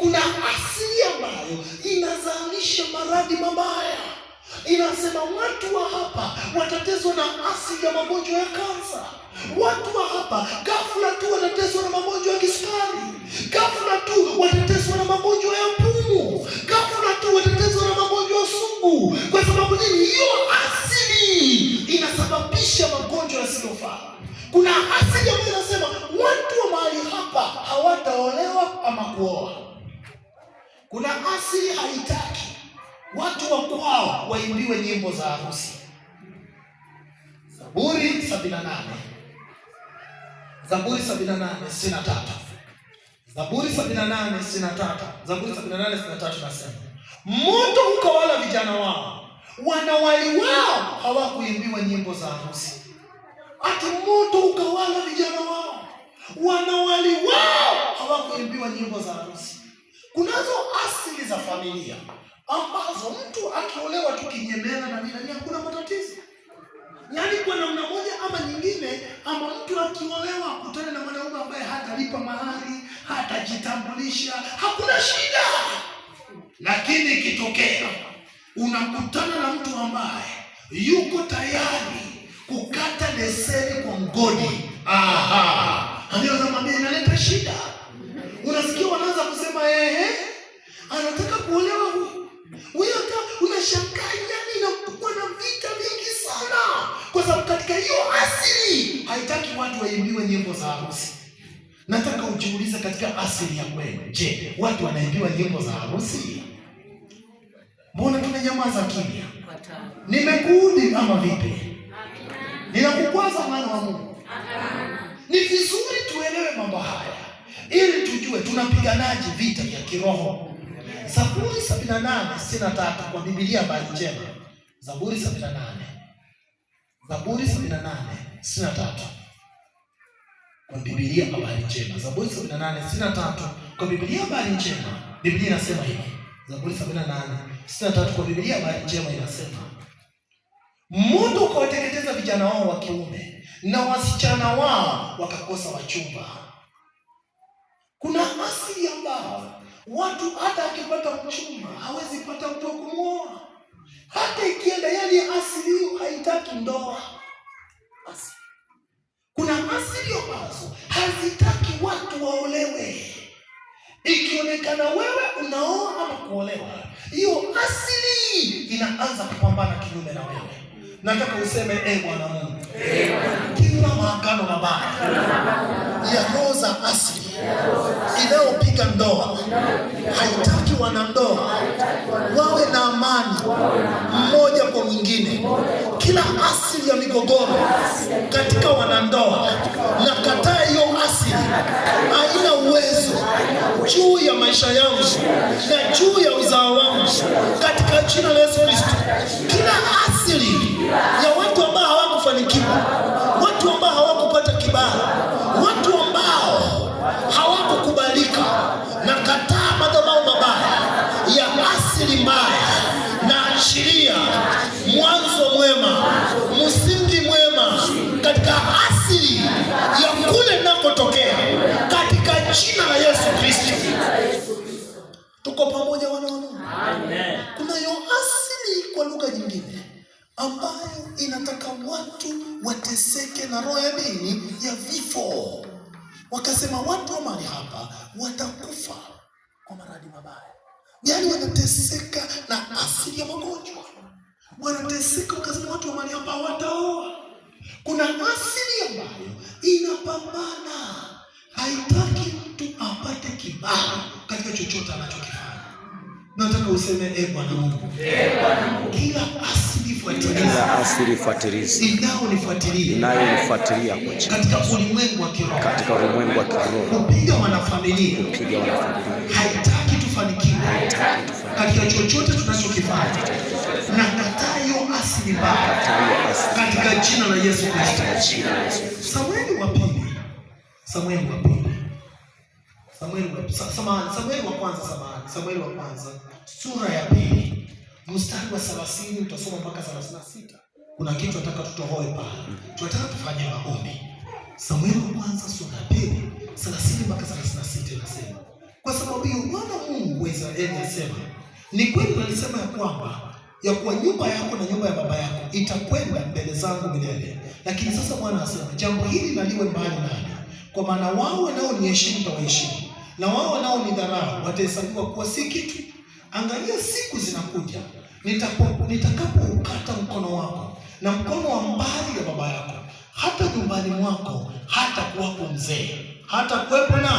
kuna asili ambayo inazalisha maradhi mabaya. Inasema watu wa hapa watatezwa na asili ya magonjwa ya kansa, watu wa hapa ghafla tu watatezwa na magonjwa ya kisukari, ghafla tu watatezwa na magonjwa ya pumu, ghafla tu watatezwa na magonjwa ya sugu. Kwa sababu nini? Hiyo asili inasababisha magonjwa yasiyofaa. Kuna asili ambayo inasema watu wa mahali hapa hawataolewa ama kuoa kuna asili haitaki watu wa kwao waimbiwe nyimbo za harusi. Zaburi 78 Zaburi 78 Zaburi 78 Zaburi 78 sitini na tatu nasema moto ukawala vijana wao, wanawali wao hawakuimbiwa nyimbo za harusi. Ati moto ukawala vijana wao, wanawali wao hawakuimbiwa nyimbo za harusi kunazo za familia ambazo mtu akiolewa tu kinyemela na nini hakuna matatizo, yaani kwa namna moja ama nyingine, ama mtu akiolewa akutane na mwanaume ambaye hatalipa mahari, hatajitambulisha, hakuna shida. Lakini ikitokea unakutana na mtu ambaye yuko tayari kukata leseni kwa mgodi, aha, ndio inaleta shida, unasikia anataka kuolewa huyu. hata unashangaa yani, inakuwa na vita vingi sana, kwa sababu katika hiyo asili haitaki watu waimbiwe nyimbo za harusi. Nataka ujiulize katika asili ya kwenu, je, watu wanaimbiwa nyimbo za harusi? Mbona tunanyamaza kimya? nimekuudi ama vipi? Ninakukwaza mwana wa Mungu? Ni vizuri tuelewe mambo haya ili tujue tunapiganaje vita vya kiroho. Zaburi sabini na nane sitini na tatu kwa Biblia Habari Njema. Zaburi sabini na nane Zaburi sabini na nane sitini na tatu kwa Biblia Habari Njema. Zaburi sabini na nane sitini na tatu kwa Biblia Habari Njema. Biblia inasema hivi. Zaburi sabini na nane sitini na tatu kwa Biblia Habari Njema inasema, Mundu ukawateketeza vijana wao wa kiume na wasichana wao wakakosa wachumba. Kuna asili ambayo Watu hata akipata mchumba hawezi pata mtu wa kumwoa, hata ikienda yani, asili hiyo haitaki ndoa. Asili kuna asili ambazo hazitaki watu waolewe. Ikionekana wewe unaoa ama kuolewa, hiyo asili inaanza kupambana kinyume na wewe. Nataka useme eh, Bwana Mungu, kila maagano mabaya ya roho za asili ndoa, haitaki wanandoa wawe na amani mmoja kwa mwingine. Kila asili ya migogoro katika wanandoa, na kataa hiyo asili, haina uwezo juu ya maisha yangu na juu ya uzao wangu katika jina la Yesu Kristo. Kila asili ya watu ambao hawakufanikiwa, watu ambao hawakupata kibali, watu wateseke na roho ya nini? Ya vifo. Wakasema watu wa mahali hapa watakufa kwa maradhi mabaya, yaani wanateseka na asili ya magonjwa, wanateseka. Wakasema watu wa mahali hapa wataoa. Kuna asili ambayo inapambana, haitaki mtu apate kibali katika chochote anachokifanya. Nataka useme e Bwana Mungu, kila asili fuatilizi inayonifuatilia katika ulimwengu wa kiroho, katika ulimwengu wa kiroho, kupiga wanafamilia, kupiga wanafamilia, haitaki tufanikiwe haitaki tufanikiwe katika chochote tunachokifanya, na kataa hiyo asili mbaya katika jina la Yesu Kristo. Samueli wa pili, Samueli wa pili Samueli wa samahani, Samueli wa kwanza samani, Samueli wa kwanza sura ya pili mstari wa 30 utasoma mpaka 36. Kuna kitu nataka tutohoe pale, tunataka tufanye maombi. Samueli wa kwanza sura ya pili 30 mpaka 36 inasema, kwa sababu hiyo Bwana Mungu wa Israeli anasema, ni kweli nalisema ya kwamba ya kuwa nyumba yako na nyumba ya baba yako itakwenda mbele zangu milele, lakini sasa Bwana asema, jambo hili naliwe mbali nani, kwa maana wao wanaoniheshimu tawaheshimu na wao nao ni dharau, watahesabiwa kuwa si kitu. Angalia, siku zinakuja nitakapoukata mkono wako na mkono wa mbali ya baba yako, hata nyumbani mwako hata kuwapo mzee, hata kuwepo na